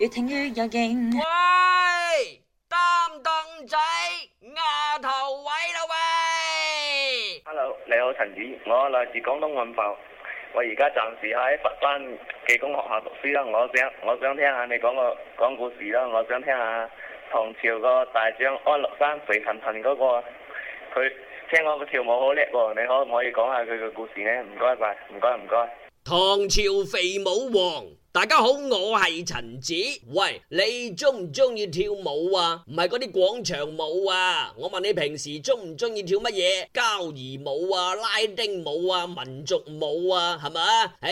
越聽越有勁！Thinking, 喂，擔凳仔，牙頭位啦喂，喂！Hello，你好陳子。我來自廣東雲浮，我而家暫時喺佛山技工學校讀書啦。我想我想聽下你講個講故事啦，我想聽下唐朝個大將安祿、哦、山肥騰騰嗰個，佢聽講佢跳舞好叻喎。你可唔可以講下佢嘅故事呢？唔該晒，唔該唔該。謝謝唐朝肥舞王。大家好，我係陳子。喂，你中唔中意跳舞啊？唔係嗰啲廣場舞啊，我問你平時中唔中意跳乜嘢？交誼舞啊、拉丁舞啊、民族舞啊，係嘛？唉，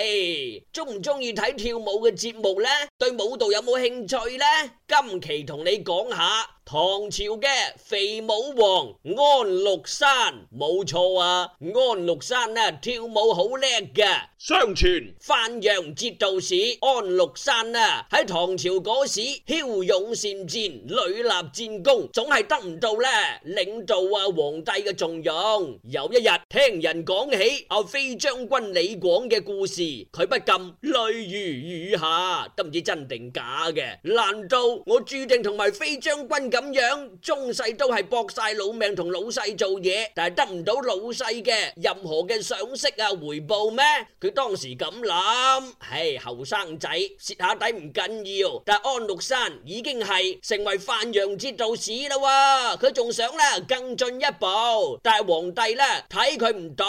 中唔中意睇跳舞嘅節目呢？對舞蹈有冇興趣呢？今期同你講下。唐朝嘅肥舞王安祿山，冇錯啊！安祿山呢跳舞好叻嘅，相傳范陽節度使安祿山啊，喺前、啊、唐朝嗰時驍勇善戰，屢立戰功，總係得唔到呢領導啊皇帝嘅重用。有一日聽人講起阿飛、啊、將軍李廣嘅故事，佢不禁淚如雨下，都唔知真定假嘅。難道我注定同埋飛將軍？咁樣，中世都係搏晒老命同老世做嘢，但係得唔到老世嘅任何嘅賞識啊回報咩？佢當時咁諗，唉，後生仔蝕下底唔緊要，但係安祿山已經係成為范陽節度使啦，佢仲想咧，更進一步，但係皇帝咧睇佢唔到，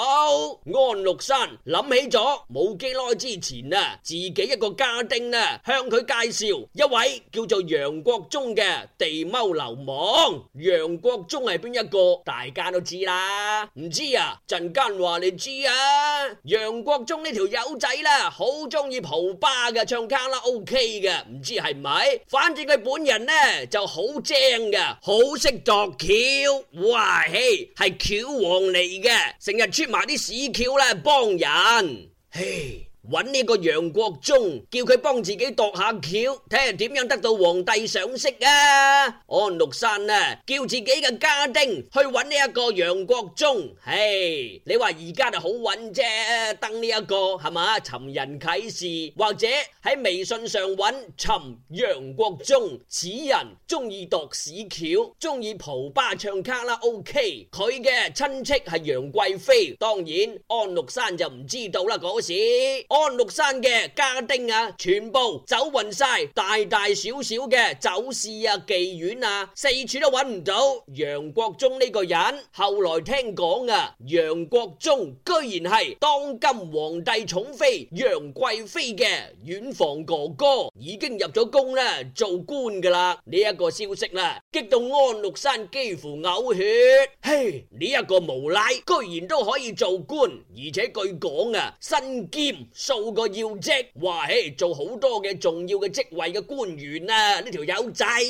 安祿山諗起咗冇幾耐之前啊，自己一個家丁啊向佢介紹一位叫做楊國忠嘅地踎。流氓楊國忠係邊一個？大家都知啦，唔知啊？陣間話你知啊。楊國忠呢條友仔呢，好中意蒲吧嘅，唱卡拉 OK 嘅，唔知係咪？反正佢本人呢就好正嘅，好識作橋哇，嘿，係橋王嚟嘅，成日出埋啲屎橋啦，幫人嘿。搵呢個楊國忠，叫佢幫自己度下橋，睇下點樣得到皇帝賞識啊！安禄山啊，叫自己嘅家丁去搵呢一個楊國忠。唉，你話而家就好搵啫，登呢、這、一個係咪？尋人啟事，或者喺微信上搵尋，尋楊國忠，此人中意度屎橋，中意蒲吧唱卡拉 OK，佢嘅親戚係楊貴妃，當然安禄山就唔知道啦嗰時。安祿山嘅家丁啊，全部走勻晒，大大小小嘅酒肆啊、妓院啊，四處都揾唔到楊國忠呢個人。後來聽講啊，楊國忠居然係當今皇帝寵妃楊貴妃嘅遠房哥哥，已經入咗宮啦，做官噶啦。呢、這、一個消息啦、啊，激到安祿山幾乎嘔血。嘿，呢、這、一個無賴居然都可以做官，而且據講啊，身兼。做個要職，話嘿做好多嘅重要嘅職位嘅官員啊！呢條友仔安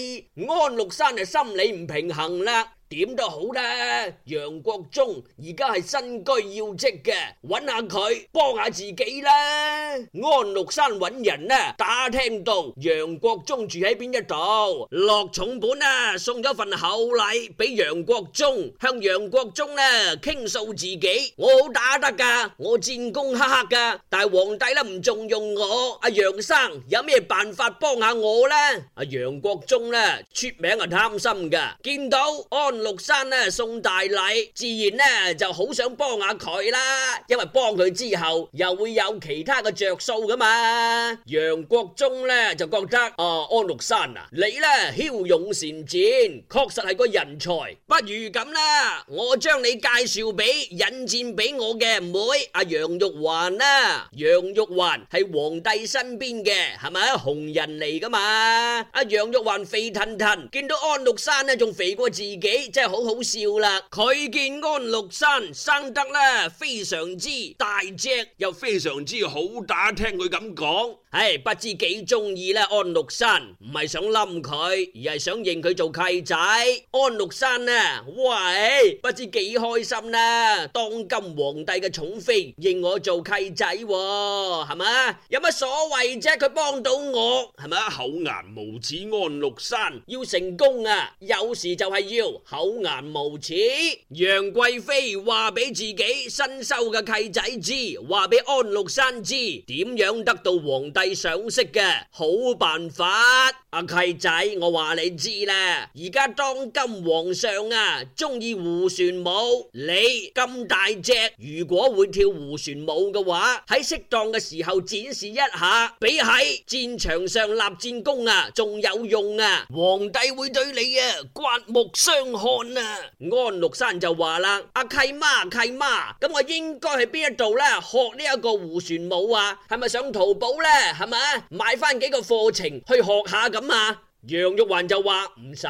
祿山就心理唔平衡啦。點都好啦，楊國忠而家係身居要職嘅，搵下佢幫下自己啦。安禄山搵人呢，打聽到楊國忠住喺邊一度，落重本啊，送咗份厚禮俾楊國忠，向楊國忠呢傾訴自己，我好打得噶，我戰功赫赫噶，但係皇帝呢唔重用我，阿楊生有咩辦法幫下我呢？阿楊國忠呢出名啊貪心噶，見到安。祿山呢送大禮，自然呢就好想幫下佢啦，因為幫佢之後又會有其他嘅着數噶嘛。楊國忠呢就覺得啊，安祿山啊，你呢驍勇善戰，確實係個人才，不如咁啦，我將你介紹俾引薦俾我嘅妹阿、啊、楊玉環啦。楊玉環係皇帝身邊嘅，係咪紅人嚟噶嘛？阿、啊、楊玉環肥騰騰騰，見到安祿山呢仲肥過自己。.真係好好笑啦！佢見安祿山生得咧，非常之大隻，又非常之好打，聽佢咁講。唉，不知幾中意啦。安祿山唔係想冧佢，而係想認佢做契仔。安祿山啊，喂，不知幾開心啦！當今皇帝嘅寵妃認我做契仔，係咪？有乜所謂啫？佢幫到我，係咪？厚顏無恥，安祿山要成功啊！有時就係要厚顏無恥。楊貴妃話俾自己新收嘅契仔知，話俾安祿山知，點樣得到皇帝？賞識嘅好辦法，阿、啊、契仔，我話你知啦。而家當今皇上啊，中意胡旋舞，你咁大隻，如果會跳胡旋舞嘅話，喺適當嘅時候展示一下，比喺戰場上立戰功啊，仲有用啊！皇帝會對你啊刮目相看啊！安禄山就話啦：阿契媽，契媽，咁我應該喺邊一度呢？學呢一個胡旋舞啊？係咪上淘寶呢？」係咪啊？買翻幾個課程去學下咁啊？楊玉環就話唔使，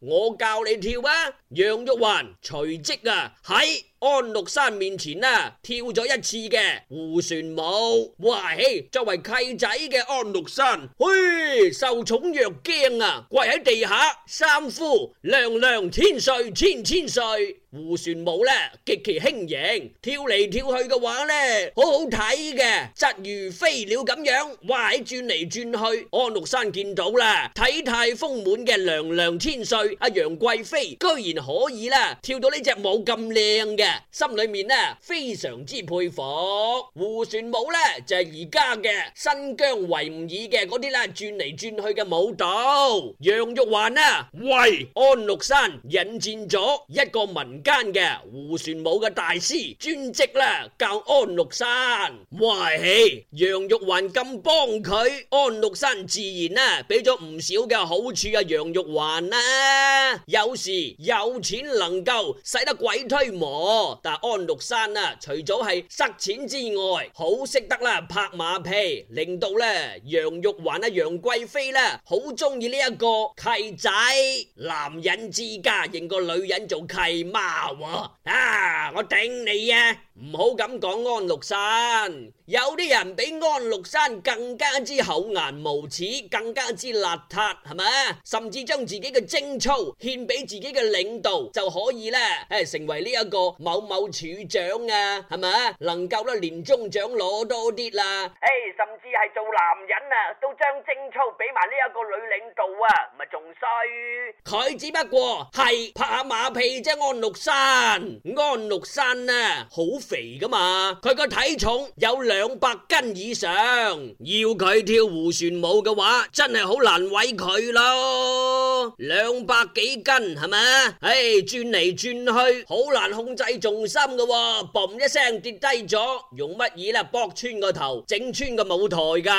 我教你跳啊！楊玉環隨即啊喺安祿山面前啊跳咗一次嘅胡旋舞。喂，作為契仔嘅安祿山，嘿，受寵若驚啊，跪喺地下三呼：娘娘千歲千千歲！胡旋舞咧極其輕盈，跳嚟跳去嘅話咧好好睇嘅，疾如飛鳥咁樣，哇！轉嚟轉去，安祿山見到啦，體態豐滿嘅娘娘千歲阿楊貴妃居然。可以啦，跳到呢隻舞咁靚嘅，心裏面呢非常之佩服。胡旋舞呢，就係而家嘅新疆維吾爾嘅嗰啲啦，轉嚟轉去嘅舞蹈。楊玉環呢，啊，喂，安禄山引薦咗一個民間嘅胡旋舞嘅大師專職啦，教安禄山。喂，楊玉環咁幫佢，安禄山自然啦俾咗唔少嘅好處啊。楊玉環啊，有時有。冇錢能夠使得鬼推磨，但安祿山啊，除咗係塞錢之外，好識得啦拍馬屁，令到咧楊玉環啊、楊貴妃啦，好中意呢一個契仔，男人之家認個女人做契媽喎，啊，啊，我頂你啊！唔好咁講安祿山，有啲人比安祿山更加之厚顏無恥，更加之邋遢，係咪啊？甚至將自己嘅貞操獻俾自己嘅領導就可以啦，誒，成為呢一個某某處長啊，係咪啊？能夠咧年終獎攞多啲啦，誒，甚至係做男人啊，都將貞操俾埋呢一個女領導啊，咪仲衰？佢只不過係拍下馬屁啫，安祿山，安祿山啊，好。肥噶嘛，佢個體重有兩百斤以上，要佢跳胡旋舞嘅話，真係好難為佢咯。兩百幾斤係咪？唉，轉嚟轉去，好難控制重心噶喎，嘣一聲跌低咗，用乜嘢啦？博穿個頭，整穿個舞台噶。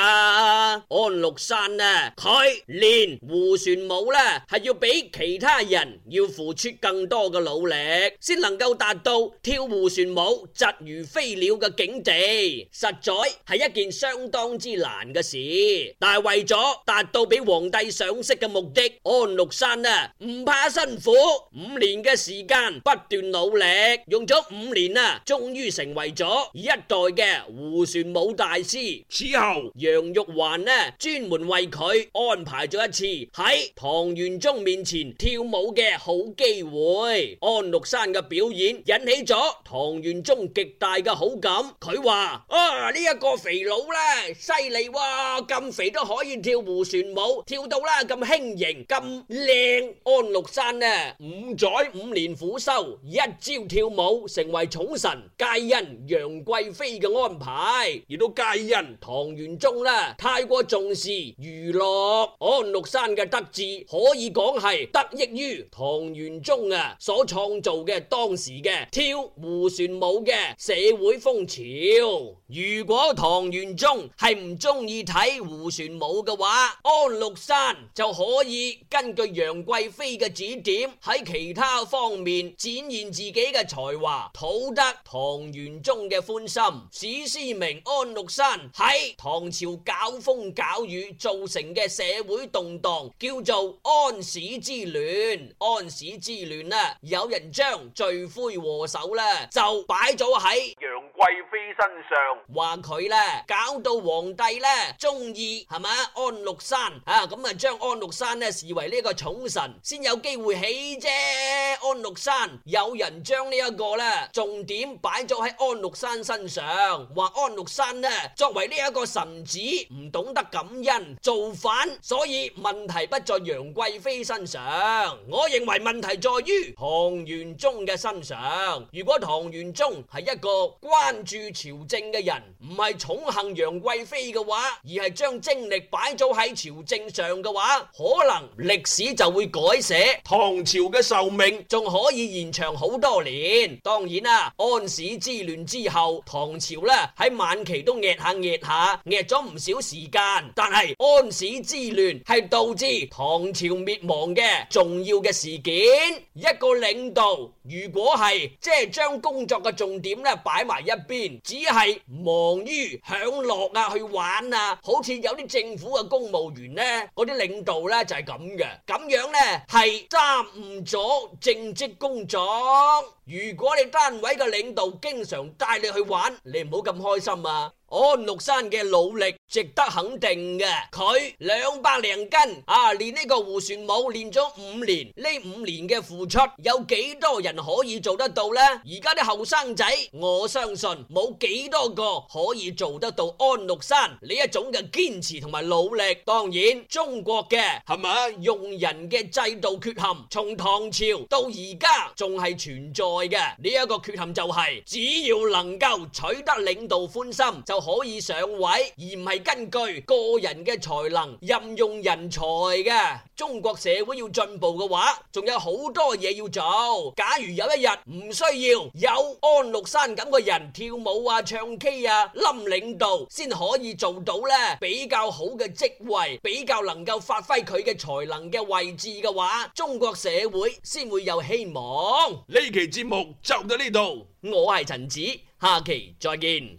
安禄山啊，佢練胡旋舞咧，係要比其他人要付出更多嘅努力，先能夠達到跳胡旋舞。疾如飛鳥嘅境地，實在係一件相當之難嘅事。但係為咗達到俾皇帝賞識嘅目的，安禄山啊唔怕辛苦，五年嘅時間不斷努力，用咗五年啊，終於成為咗一代嘅胡旋舞大師。此後，楊玉環呢專門為佢安排咗一次喺唐玄宗面前跳舞嘅好機會。安禄山嘅表演引起咗唐玄宗。極大嘅好感，佢話啊，呢一個肥佬咧，犀利喎，咁肥都可以跳胡旋舞，跳到啦咁輕盈咁靚。安禄山呢，五載五年苦修，一朝跳舞成為寵臣，皆因楊貴妃嘅安排，亦都皆因唐玄宗呢，太過重視娛樂。安禄山嘅得志，可以講係得益於唐玄宗啊所創造嘅當時嘅跳胡旋舞嘅。社會風潮，如果唐玄宗係唔中意睇胡旋舞嘅話，安禄山就可以根據楊貴妃嘅指點喺其他方面展現自己嘅才華，討得唐玄宗嘅歡心。史思明、安禄山喺唐朝搞風搞雨造成嘅社會動盪，叫做安史之亂。安史之亂呢，有人將罪魁禍首呢，就擺。咗喺楊貴妃身上，話佢咧，搞到皇帝咧中意係咪安禄山啊？咁啊將安禄山呢視為呢一個寵臣，先有機會起啫。安禄山有人將呢一個咧重點擺咗喺安禄山身上，話安禄山呢作為呢一個臣子唔懂得感恩造反，所以問題不在楊貴妃身上，我認為問題在於唐玄宗嘅身上。如果唐玄宗，係一個關注朝政嘅人，唔係寵幸楊貴妃嘅話，而係將精力擺咗喺朝政上嘅話，可能歷史就會改寫，唐朝嘅壽命仲可以延長好多年。當然啦，安史之亂之後，唐朝呢喺晚期都壓下壓下壓咗唔少時間。但係安史之亂係導致唐朝滅亡嘅重要嘅事件。一個領導如果係即係將工作嘅重點，點咧，擺埋一邊，只係忙於享樂啊，去玩啊，好似有啲政府嘅公務員呢，嗰啲領導呢，就係咁嘅，咁樣呢，係耽誤咗正職工作。如果你單位嘅領導經常帶你去玩，你唔好咁開心啊！安禄山嘅努力值得肯定嘅，佢兩百零斤啊，練呢個胡旋舞練咗五年，呢五年嘅付出有幾多人可以做得到呢？而家啲後生仔，我相信冇幾多個可以做得到安禄山呢一種嘅堅持同埋努力。當然，中國嘅係咪啊用人嘅制度缺陷，從唐朝到而家仲係存在嘅呢一個缺陷就係，只要能夠取得領導歡心就。可以上位，而唔係根據個人嘅才能任用人才嘅。中國社會要進步嘅話，仲有好多嘢要做。假如有一日唔需要有安祿山咁嘅人跳舞啊、唱 K 啊、冧領導，先可以做到呢，比較好嘅職位，比較能夠發揮佢嘅才能嘅位置嘅話，中國社會先會有希望。呢期節目就到呢度，我係陳子，下期再見。